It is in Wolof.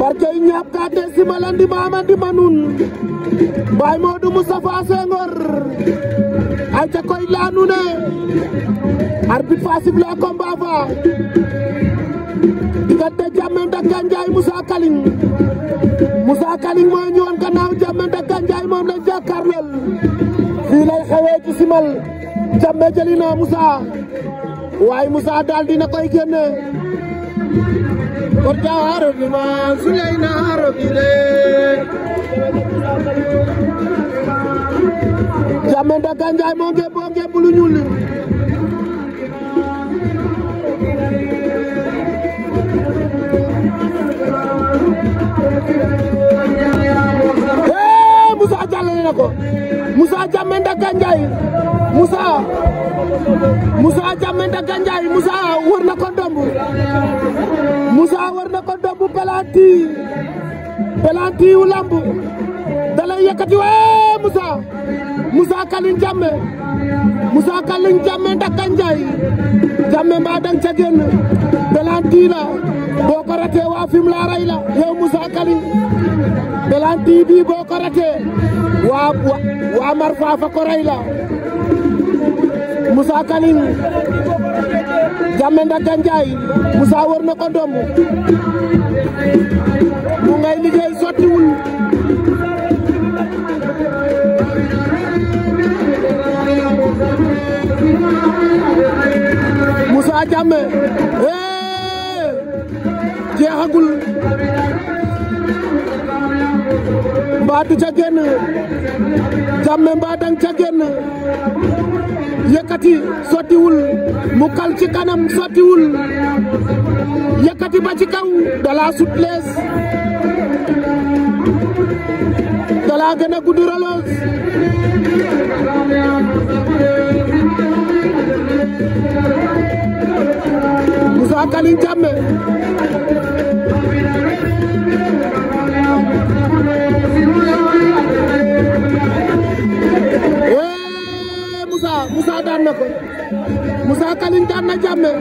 barke ñap ka te simalan di mama di manun bay modou moustapha senghor ay ca koy laanu ne arbitre fa la combat va diggante jamme da musa kaling Musa kaling mo ñoon gannaaw jamme da kanjay mom la jàkkaarlool fi lay xewé ci simal jamme jëli na way Musa dal di dina koy Korja harogi ma Sulayna harogi le Jamme Daga Njaay moo nge ñuul li Hey Moussa jàllale na ko Moussa Jamme Daga Njaay Moussa Moussa Jamme Daga Njaay ko Isa war na ko domb pelanti pelanti wu lamb da lay yëkkati wee Moussa Moussa Kaling Jammeh Moussa Kaling Jammeh Ndaka la boo waa fim la yow Moussa Kaling pelanti bii boo ko ratee waa waa la Moussa Kaling Jammé Ndaka Ndiaye Moussa wër na ko ndomb mu ngay liggéey sottiwul Moussa Jammé eh, jeexagul mbaa du ca génn jàmme mbaa dang ca génn yëkkati sottiwul mu kal ci kanam sottiwul yëkkati ba ci kaw dala sut lees dala gën a gudd roloos Moussa Kaling Moussa daan na